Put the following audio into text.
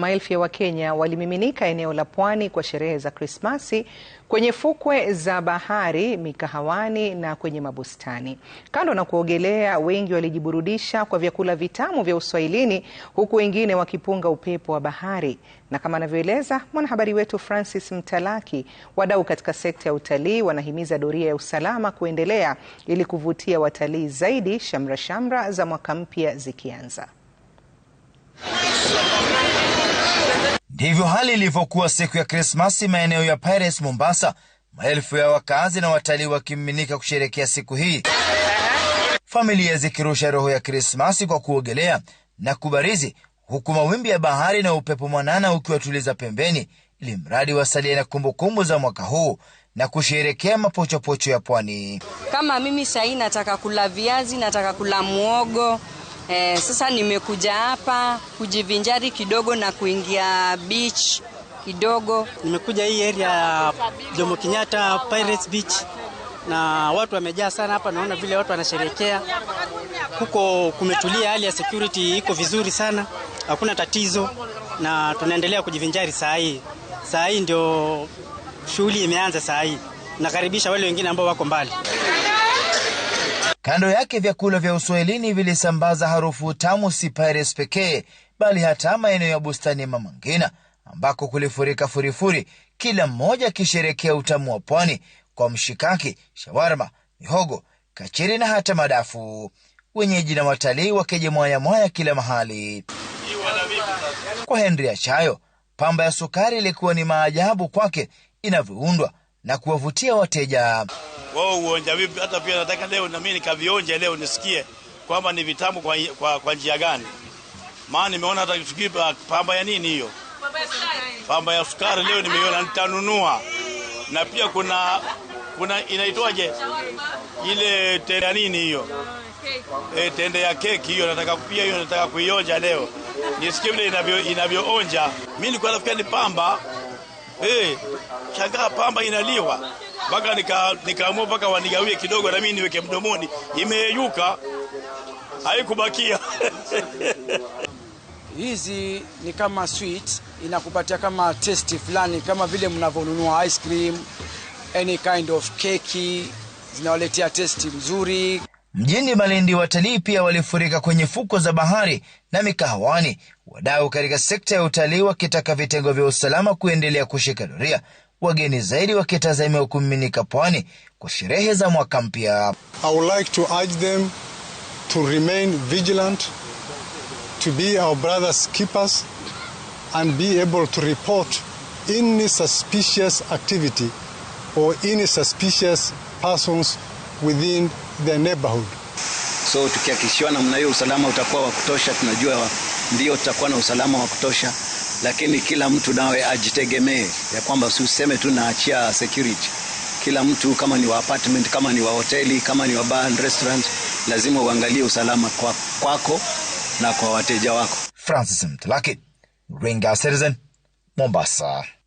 maelfu ya Wakenya walimiminika eneo la pwani kwa sherehe za Krismasi kwenye fukwe za bahari, mikahawani na kwenye mabustani. Kando na kuogelea, wengi walijiburudisha kwa vyakula vitamu vya Uswahilini, huku wengine wakipunga upepo wa bahari. Na kama anavyoeleza mwanahabari wetu Francis Mtalaki, wadau katika sekta ya utalii wanahimiza doria ya usalama kuendelea ili kuvutia watalii zaidi, shamra shamra za mwaka mpya zikianza. Ndivyo hali ilivyokuwa siku ya Krismasi maeneo ya Pirates Mombasa, maelfu ya wakazi na watalii wakimiminika kusherekea siku hii, familia zikirusha roho ya Krismasi kwa kuogelea na kubarizi, huku mawimbi ya bahari na upepo mwanana ukiwatuliza pembeni, ili mradi wasalie na kumbukumbu za mwaka huu na kusherekea mapochopocho ya pwani. Kama mimi sahii nataka kula viazi, nataka kula mwogo, E, sasa nimekuja hapa kujivinjari kidogo na kuingia beach kidogo. Nimekuja hii area ya Jomo Kenyatta Pirates Beach na watu wamejaa sana hapa, naona vile watu wanasherekea huko, kumetulia, hali ya security iko vizuri sana, hakuna tatizo, na tunaendelea kujivinjari saa hii. Saa hii ndio shughuli imeanza saa hii. Nakaribisha wale wengine ambao wako mbali. Kando yake vyakula vya Uswahilini vilisambaza harufu tamu si Paris pekee, bali hata maeneo ya bustani ya Mama Ngina ambako kulifurika furifuri, kila mmoja akisherekea utamu wa pwani kwa mshikaki, shawarma, mihogo, kachiri na hata madafu, wenyeji na watalii wakija mwayamwaya kila mahali. Kwa Henry Achayo, pamba ya sukari ilikuwa ni maajabu kwake inavyoundwa na kuwavutia wateja wao uonja vipi. Hata pia nataka leo na mimi nikavionje leo nisikie kwamba ni vitamu kwa, kwa, kwa njia gani, maana nimeona hata tukipa pamba ya nini hiyo pamba ya sukari leo nimeona nitanunua na pia kuna kuna inaitwaje ile tende ya nini hiyo e, tende ya keki hiyo, nataka pia hiyo nataka kuionja leo nisikie vile inavyoonja. Mimi nilikuwa nafikiri ni pamba Eh, shangaa pamba inaliwa mpaka nikaamua mpaka wanigawie kidogo na mimi niweke mdomoni, imeyuka haikubakia. Hizi ni kama sweet, inakupatia kama testi fulani, kama vile mnavyonunua ice cream, any kind of keki, zinawaletea testi mzuri. Mjini Malindi, watalii pia walifurika kwenye fuko za bahari na mikahawani, wadau katika sekta ya utalii wakitaka vitengo vya usalama kuendelea kushika doria, wageni zaidi wakitazamiwa kumiminika pwani kwa sherehe za mwaka mpya. Any suspicious activity or any suspicious persons within the neighborhood. So tukihakikishiwa namna hiyo usalama utakuwa wa kutosha, tunajua ndio tutakuwa na usalama wa kutosha, lakini kila mtu nawe ajitegemee ya kwamba si useme tu naachia security. Kila mtu kama ni wa apartment, kama ni wa hoteli, kama ni wa bar and restaurant, lazima uangalie usalama kwa, kwako na kwa wateja wako. Francis Mtlaki, Ringa Citizen, Mombasa.